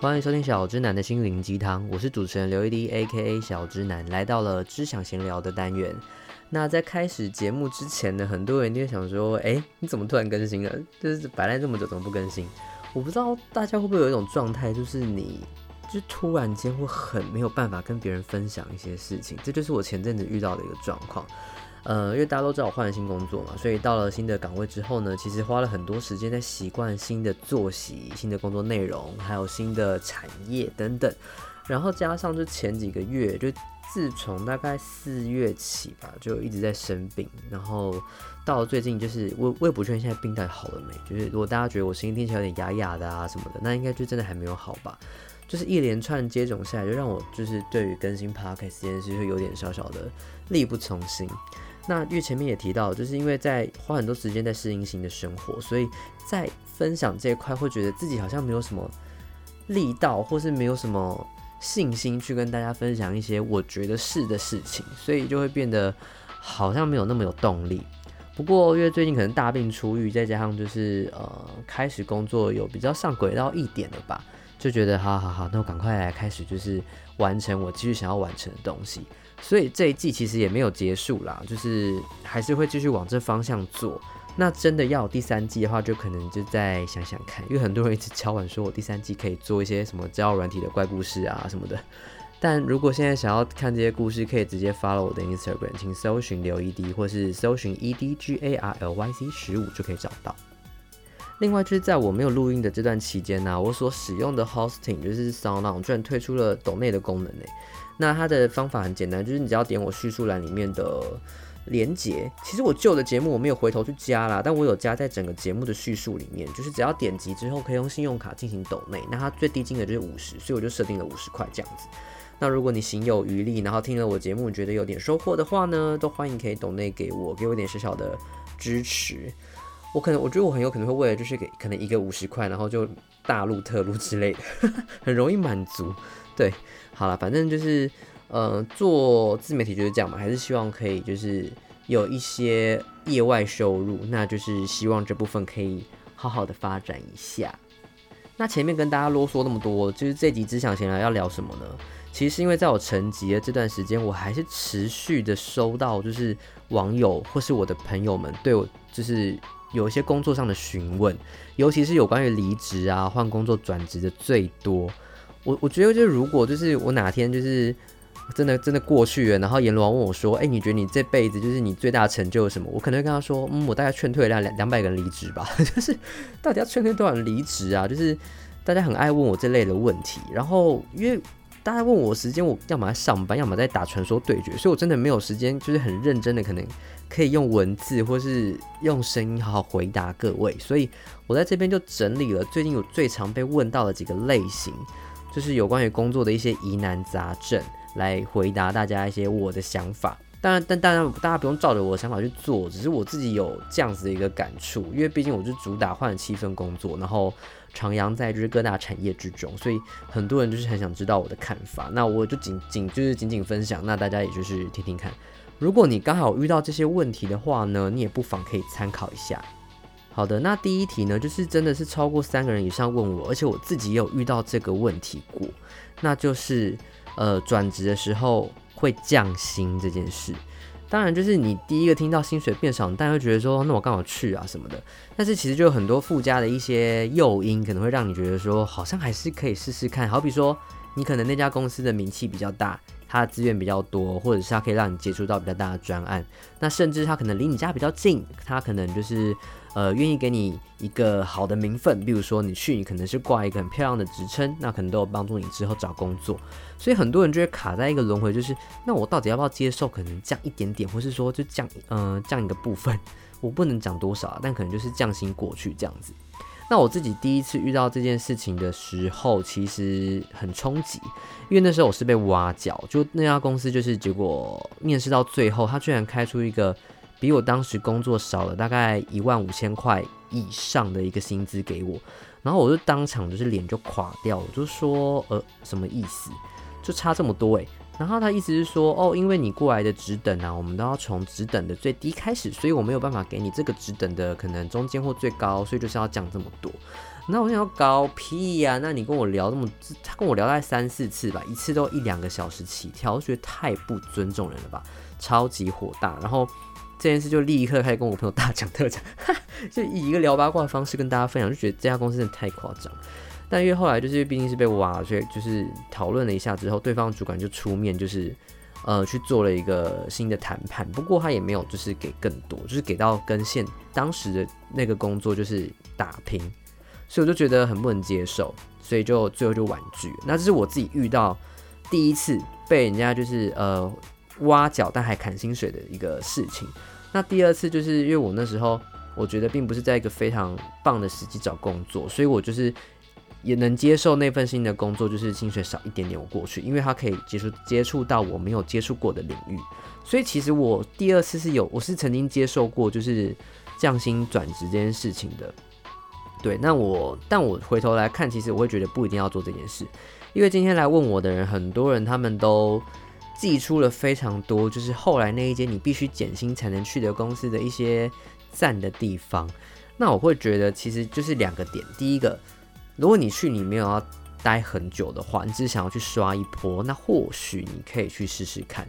歡迎收聽小之男的心靈雞湯，我是主持人劉一滴 AKA 小之男，來到了之想閒聊的單元。那在開始節目之前呢，很多人就會想說，哎、欸，你怎麼突然更新了？就是擺爛這麼久，怎麼不更新？我不知道大家會不會有一種狀態，就是你，就突然間會很沒有辦法跟別人分享一些事情。這就是我前陣子遇到的一個狀況。呃，因為大家都知道我換了新工作嘛，所以到了新的崗位之後呢，其實花了很多時間在習慣新的作息、新的工作內容，還有新的產業等等。然後加上就前幾個月，就自從大概四月起吧，就一直在生病。然後到了最近就是，我我也不確定現在病態好了沒。就是如果大家覺得我聲音聽起來有點啞啞的啊什麼的，那應該就真的還沒有好吧？就是一連串接種下來，就讓我就是對於更新 podcast 這件事就有點小小的力不從心。那因為前面也提到，就是因為在花很多時間在適應新的生活，所以在分享這一塊會覺得自己好像沒有什麼力道，或是沒有什麼信心去跟大家分享一些我覺得是的事情，所以就會變得好像沒有那麼有動力。不過因為最近可能大病初癒，再加上就是呃開始工作有比較上軌道一點了吧，就覺得好好好，那我趕快來開始，就是完成我繼續想要完成的東西。所以這一季其實也沒有結束啦，就是還是會繼續往這方向做。那真的要第三季的話，就可能就再想想看，因為很多人一直敲碗說我第三季可以做一些什麼交軟體的怪故事啊什麼的。但如果現在想要看這些故事，可以直接 follow 我的 Instagram，請搜尋劉一滴或是搜尋 EDGARLYC 十五就可以找到。另外就是在我沒有錄音的這段期間呢、啊，我所使用的 hosting 就是 SoundOn 居然推出了抖內的功能呢、欸。那它的方法很簡單，就是你只要點我敘述欄裡面的連結。其實我舊的節目我沒有回頭去加啦，但我有加在整個節目的敘述裡面，就是只要點擊之後可以用信用卡進行抖內。那它最低金額就是五十，所以我就設定了五十塊這樣子。那如果你行有餘力，然後聽了我節目，你覺得有點收穫的話呢，都歡迎可以抖內給我，給我一點小小的支持。我可能我覺得我很有可能會為了就是給可能一個五十塊，然後就大錄特錄之類的， 很容易滿足。對，好了，反正就是，呃，做自媒體就是這樣嘛，還是希望可以就是有一些業外收入，那就是希望這部分可以好好的發展一下。那前面跟大家囉嗦那麼多，就是這集之想閒聊要聊什麼呢？其實是因為在我沉寂的這段時間，我還是持續的收到就是網友或是我的朋友們對我就是有一些工作上的詢問，尤其是有關於離職啊、換工作、轉職的最多。我我覺得就是如果就是我哪天就是真的真的過去了，然後閻羅王問我說：“哎，你覺得你這輩子就是你最大的成就是什麼？”我可能會跟他說：“嗯，我大概勸退了兩兩兩百個人離職吧。 ”就是到底要勸退多少人離職啊？就是大家很愛問我這類的問題。然後因為大家問我時間，我要麼在上班，要麼在打傳說對決，所以我真的沒有時間，就是很認真的可能可以用文字或是用聲音好好回答各位。所以我在這邊就整理了最近有最常被問到的幾個類型。就是有關於工作的一些疑難雜症，來回答大家一些我的想法。當然，但當然大家不用照着我的想法去做，只是我自己有這樣子的一個感觸。因為畢竟我是主打換了七份工作，然後徜徉在就是各大產業之中，所以很多人就是很想知道我的看法。那我就僅僅就是僅僅分享，那大家也就是聽聽看。如果你剛好遇到這些問題的話呢，你也不妨可以參考一下。好的，那第一題呢，就是真的是超過三個人以上問我，而且我自己也有遇到這個問題過，那就是呃轉職的時候會降薪這件事。當然，就是你第一個聽到薪水變少，但會覺得說那我幹嘛去啊什麼的。但是其實就有很多附加的一些誘因，可能會讓你覺得說好像還是可以試試看。好比說，你可能那家公司的名氣比較大。他的資源比較多，或者是他可以讓你接觸到比較大的專案，那甚至他可能離你家比較近，他可能就是呃願意給你一個好的名分，比如說你去，你可能是掛一個很漂亮的職稱，那可能都有幫助你之後找工作。所以很多人就會卡在一個輪迴，就是那我到底要不要接受可能降一點點，或是說就降嗯，降一個部分，我不能講多少啊，但可能就是降薪過去這樣子。那我自己第一次遇到這件事情的時候，其實很衝擊，因為那時候我是被挖角，就那家公司就是結果面試到最後，他居然開出一個比我當時工作少了大概一萬五千塊以上的一個薪資給我，然後我就當場就是臉就垮掉了，就說呃什麼意思，就差這麼多誒、欸。然後他意思是說，哦，因為你過來的職等啊，我們都要從職等的最低開始，所以我沒有辦法給你這個職等的可能中間或最高，所以就是要降這麼多。那我想要搞屁呀、啊？那你跟我聊這麼，他跟我聊大概三四次吧，一次都一兩個小時起跳，我覺得太不尊重人了吧，超級火大。然後這件事就立刻開始跟我朋友大講特講哈哈，就以一個聊八卦的方式跟大家分享，就覺得這家公司真的太誇張。但因為後來就是畢竟是被挖，所以就是討論了一下之後，對方主管就出面，就是呃去做了一個新的談判。不過他也沒有就是給更多，就是給到跟現當時的那個工作就是打平，所以我就覺得很不能接受，所以就最後就婉拒。那這是我自己遇到第一次被人家就是呃挖角但還砍薪水的一個事情。那第二次就是因為我那時候我覺得並不是在一個非常棒的時機找工作，所以我就是。也能接受那份新的工作，就是薪水少一點點，我過去，因為他可以接觸接觸到我沒有接觸過的領域，所以其實我第二次是有，我是曾經接受過就是降薪轉職這件事情的。對，那我，但我回頭來看，其實我會覺得不一定要做這件事，因為今天來問我的人，很多人他們都寄出了非常多，就是後來那一間你必須減薪才能去的公司的一些讚的地方，那我會覺得其實就是兩個點，第一個。如果你去，你沒有要待很久的話，你只是想要去刷一波，那或許你可以去試試看，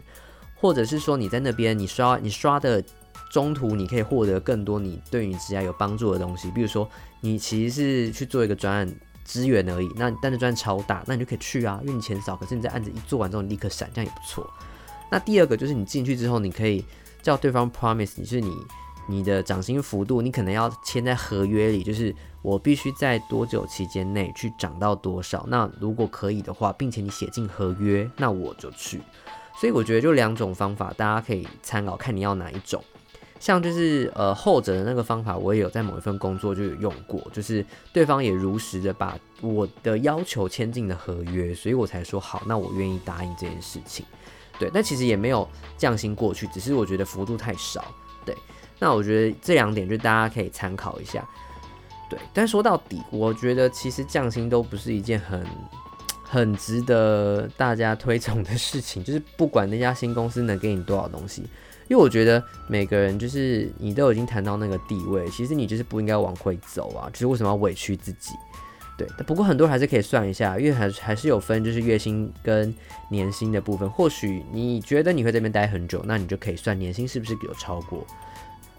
或者是說你在那邊，你刷你刷的中途，你可以獲得更多你對你職業有幫助的東西，比如說你其實是去做一個專案資源而已，那但是專案超大，那你就可以去啊，因為你錢少，可是你在案子一做完之後你立刻閃，這樣也不錯。那第二個就是你進去之後，你可以叫對方 promise 你，是你。你的漲薪幅度，你可能要簽在合約裡，就是我必須在多久期間內去漲到多少。那如果可以的話，並且你寫進合約，那我就去。所以我覺得就兩種方法，大家可以參考看你要哪一種。像就是呃，後者的那個方法，我也有在某一份工作就有用過，就是對方也如實的把我的要求簽進了合約，所以我才說好，那我願意答應這件事情。對，那其實也沒有降薪過去，只是我覺得幅度太少。對。那我覺得這兩點就大家可以參考一下，對。但說到底，我覺得其實降薪都不是一件很很值得大家推崇的事情。就是不管那家新公司能給你多少東西，因為我覺得每個人就是你都已經談到那個地位，其實你就是不應該往回走啊。就是為什麼要委屈自己？對。不過很多人還是可以算一下，因為還還是有分，就是月薪跟年薪的部分。或許你覺得你會在這邊待很久，那你就可以算年薪是不是有超過。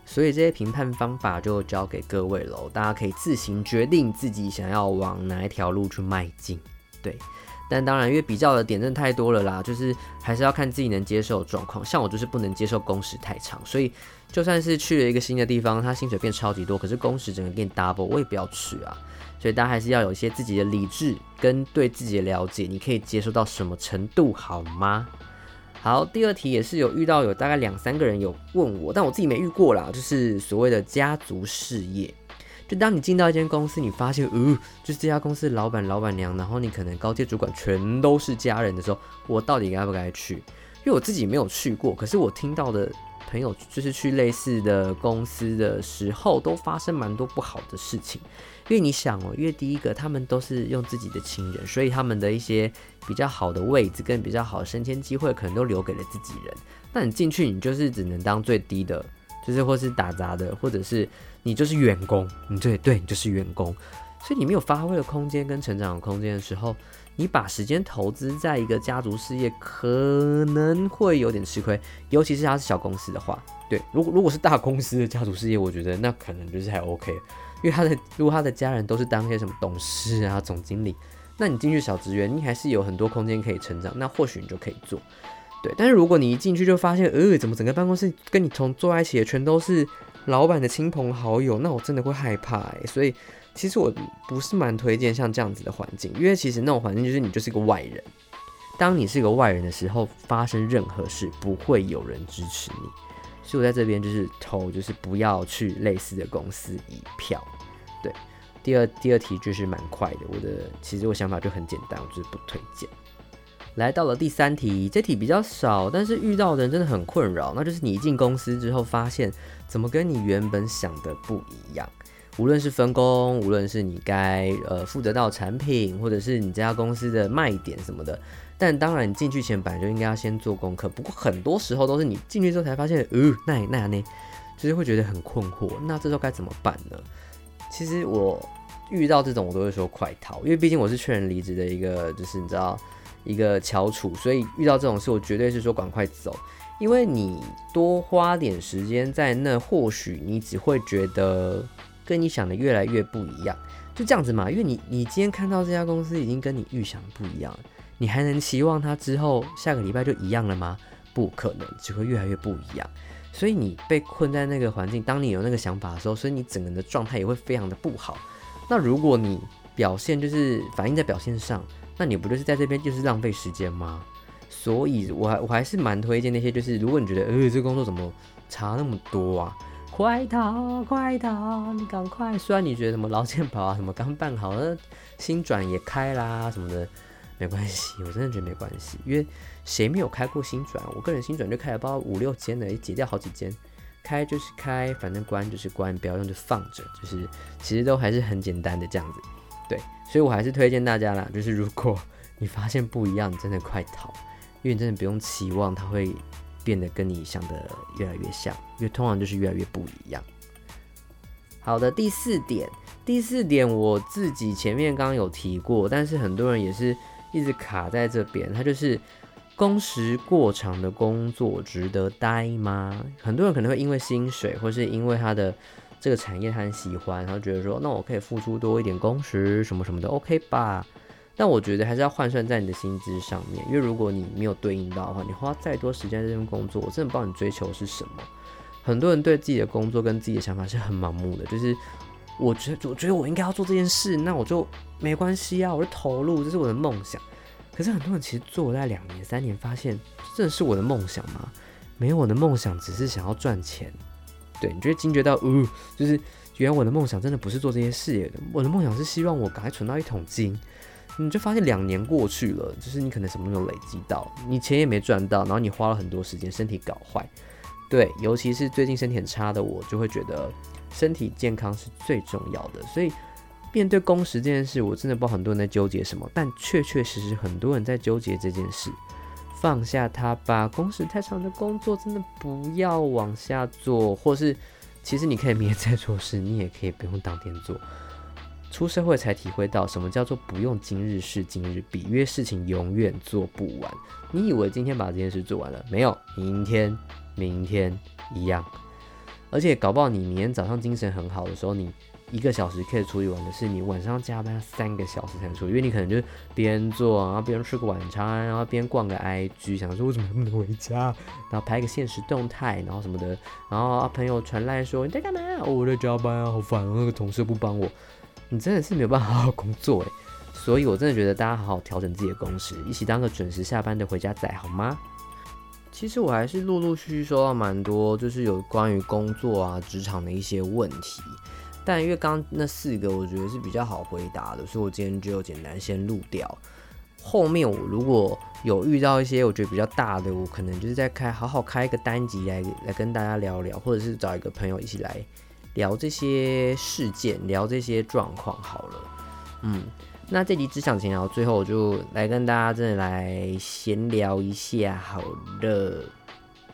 所以這些評判方法就交給各位嘍，大家可以自行決定自己想要往哪一條路去邁進。對，但當然因為比較的點陣太多了啦，就是還是要看自己能接受的狀況。像我就是不能接受工時太長，所以就算是去了一個新的地方，它薪水變超級多，可是工時整個變 double，我也不要去啊。所以大家還是要有一些自己的理智跟對自己的了解，你可以接受到什麼程度好嗎？好，第二題也是有遇到有大概兩三個人有問我，但我自己沒遇過啦。就是所謂的家族事業。就當你進到一間公司，你發現，嗯，就是這家公司老闆、老闆娘，然後你可能高階主管全都是家人的時候，我到底該不該去？因為我自己沒有去過，可是我聽到的。朋友就是去類似的公司的時候，都發生蠻多不好的事情。因為你想哦、喔，因為第一個他們都是用自己的親人，所以他們的一些比較好的位置跟比較好的升遷機會，可能都留給了自己人。那你進去，你就是只能當最低的，就是或是打雜的，或者是你就是員工，你對對，你就是員工。所以你沒有發揮的空間跟成長的空間的時候，你把時間投資在一個家族事業可能會有點吃虧，尤其是他是小公司的話。對，如果如果是大公司的家族事業，我覺得那可能就是還 OK，因為他的如果他的家人都是當些什麼董事啊、總經理，那你進去小職員，你還是有很多空間可以成長。那或許你就可以做，對。但是如果你一進去就發現，呃，怎麼整個辦公室跟你同坐在一起的全都是老闆的親朋好友，那我真的會害怕欸，所以。其實我不是蠻推薦像這樣子的環境，因為其實那種環境就是你就是個外人。當你是一個外人的時候，發生任何事不會有人支持你。所以我在這邊就是投，就是不要去類似的公司一票。對，第二第二題就是蠻快的。我的其實我想法就很簡單，我就是不推薦。來到了第三題，這題比較少，但是遇到的人真的很困擾。那就是你一進公司之後，發現怎麼跟你原本想的不一樣。無論是分工，無論是你該呃負責到產品，或者是你這家公司的賣點什麼的，但當然你進去前本來就應該要先做功課。不過很多時候都是你進去之後才發現，嗯、呃，那那那，就是會覺得很困惑。那這時候該怎麼辦呢？其實我遇到這種，我都會說快逃，因為畢竟我是勸人離職的一個，就是你知道一個翹楚，所以遇到這種事，我絕對是說趕快走。因為你多花點時間在那，或許你只會覺得。跟你想的越來越不一樣，就這樣子嘛。因為你，你今天看到這家公司已經跟你預想的不一樣了，你還能期望它之後下個禮拜就一樣了嗎？不可能，只會越來越不一樣。所以你被困在那個環境，當你有那個想法的時候，所以你整個人的狀態也會非常的不好。那如果你表現就是反映在表現上，那你不就是在這邊就是浪費時間嗎？所以我我還是蠻推薦那些，就是如果你覺得呃這個工作怎麼差那麼多啊？快逃！快逃！你趕快！雖然你覺得什麼勞健保啊，什麼剛辦好那薪轉也開啦什麼的，沒關係，我真的覺得沒關係，因為誰沒有開過薪轉？我個人薪轉就開了包五六間了，也解掉好幾間，開就是開，反正關就是關，不要用就放着，就是其實都還是很簡單的這樣子。對，所以我還是推薦大家啦，就是如果你發現不一樣，真的快逃，因為你真的不用期望它會。變得跟你想的越來越像，因為通常就是越來越不一樣。好的，第四點，第四點我自己前面剛剛有提過，但是很多人也是一直卡在這邊，他就是工時過長的工作值得待嗎？很多人可能會因為薪水，或是因為他的這個產業他很喜歡，然後覺得說，那我可以付出多一點工時，什麼什麼的，OK 吧。但我覺得還是要換算在你的薪資上面，因為如果你沒有對應到的話，你花再多時間在這份工作，我真的不知道你追求是什麼？很多人對自己的工作跟自己的想法是很盲目的，就是我覺得我覺得我應該要做這件事，那我就沒關係啊，我就投入，這是我的夢想。可是很多人其實做了兩年三年，發現這真的是我的夢想嗎？沒有我的夢想，只是想要賺錢。對，你就會驚覺到，哦、呃，就是原來我的夢想真的不是做這些事業的，我的夢想是希望我趕快存到一桶金。你就發現兩年過去了，就是你可能什麼都沒有累積到，你錢也沒賺到，然後你花了很多時間，身體搞壞。對，尤其是最近身體很差的，我就會覺得身體健康是最重要的。所以面對工時這件事，我真的不知道很多人在糾結什麼，但確確實實很多人在糾結這件事。放下它吧，工時太長的工作真的不要往下做，或是其實你可以明天再做事，你也可以不用當天做。出社會才體會到什麼叫做不用今日事今日畢，因為事情永遠做不完。你以為今天把這件事做完了沒有？明天，明天一樣。而且搞不好你明天早上精神很好的時候，你一個小時可以處理完的事，你晚上加班三個小時才能處理，因為你可能就邊做，然後邊吃個晚餐，然後邊逛個 IG，想說為什麼不能回家，然後拍個限時動態，然後什麼的，然後朋友傳來說，你在幹嘛？我在加班啊，好煩啊，那個同事不幫我。你真的是沒有辦法好好工作哎，所以我真的覺得大家好好調整自己的工時，一起當個準時下班的回家仔好嗎？其實我還是陸陸續續收到蠻多，就是有關於工作啊、職場的一些問題。但因為剛那四個我覺得是比較好回答的，所以我今天就簡單先錄掉。後面我如果有遇到一些我覺得比較大的，我可能就是再開好好開一個單集來來跟大家聊聊，或者是找一個朋友一起來。聊這些事件，聊這些狀況，好了，嗯，那這集之想閒聊，最後我就來跟大家真的來閒聊一下好了。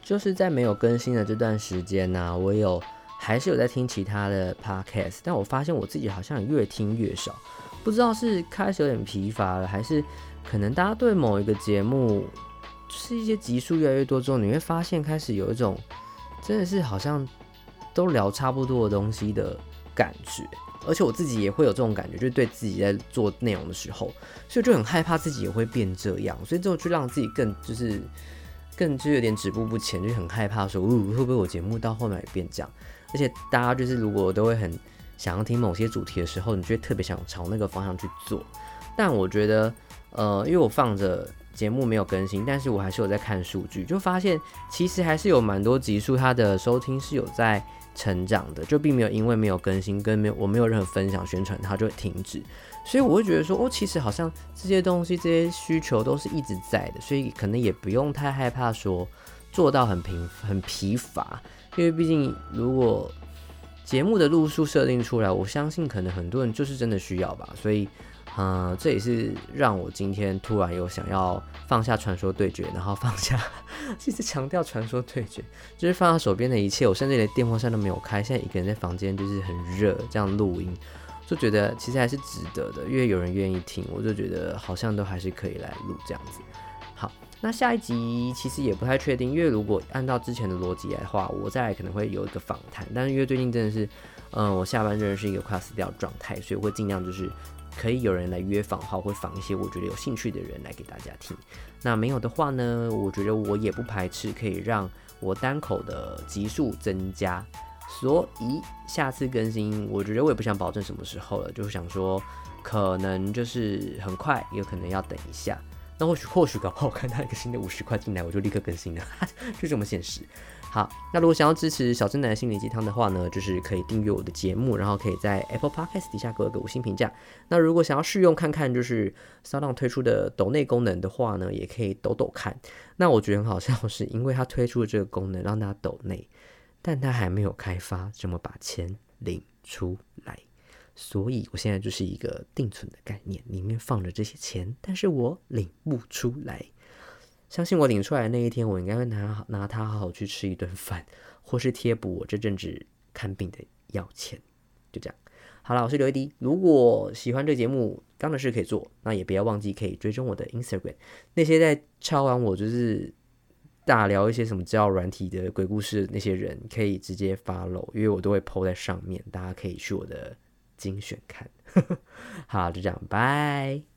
就是在沒有更新的這段時間呢、啊，我有還是有在聽其他的 podcast，但我發現我自己好像也越聽越少，不知道是開始有點疲乏了，還是可能大家對某一個節目、就是一些集數越來越多之後，你會發現開始有一種真的是好像。都聊差不多的東西的感覺，而且我自己也會有這種感覺，就是對自己在做內容的時候，所以就很害怕自己也會變這樣，所以就去讓自己更就是更就是有點止步不前，就很害怕說，呃，會不會我節目到後面也變這樣，而且大家就是如果都會很想要聽某些主題的時候，你就會特別想朝那個方向去做，但我覺得，呃，因為我放着節目沒有更新，但是我還是有在看數據，就發現其實還是有蠻多集數它的收聽是有在。成長的，就並沒有因為沒有更新跟沒有我沒有任何分享宣傳它就會停止，所以我會覺得說哦，其實好像這些東西這些需求都是一直在的，所以可能也不用太害怕說做到很平、很疲乏，因為畢竟如果節目的路數設定出來，我相信可能很多人就是真的需要吧，所以。嗯，這也是讓我今天突然有想要放下傳說對決，然後放下，其實強調傳說對決就是放下手邊的一切，我甚至連電風扇都沒有開，現在一個人在房間就是很熱，這樣錄音，就覺得其實還是值得的，因為有人願意聽，我就覺得好像都還是可以來錄這樣子。好，那下一集其實也不太確定，因為如果按照之前的邏輯來的話，我再來可能會有一個訪談，但是因為最近真的是，嗯，我下班真的是一個快死掉狀態，所以我會盡量就是。可以有人來約訪，我會訪一些我覺得有興趣的人來給大家聽。那沒有的話呢？我覺得我也不排斥可以讓我單口的集數增加。所以下次更新，我覺得我也不想保證什麼時候了，就想說可能就是很快，也有可能要等一下。那或許或許搞不好，我看到一個新的五十塊進來，我就立刻更新了， 就這麼現實。好，那如果想要支持小之男的心靈雞湯的話呢，就是可以訂閱我的節目，然後可以在 Apple Podcast 底下給我個五星評價。那如果想要試用看看，就是 SoundOn 推出的抖內功能的話呢，也可以抖抖看。那我覺得很好笑是因為它推出了這個功能讓他抖內，但它還沒有開發怎麼把錢領出。所以，我現在就是一個定存的概念，裡面放着這些錢，但是我領不出來。相信我，領出來的那一天，我應該會拿拿它好好去吃一頓飯，或是貼補我這陣子看病的藥錢。就這樣，好了，我是劉一滴。如果喜歡這節目，剛的事可以做，那也不要忘記可以追蹤我的 Instagram。那些在抄完我就是大聊一些什麼資料軟體的鬼故事，那些人可以直接 follow，因為我都會 PO 在上面，大家可以去我的。精選看，呵呵，好，就這樣，拜。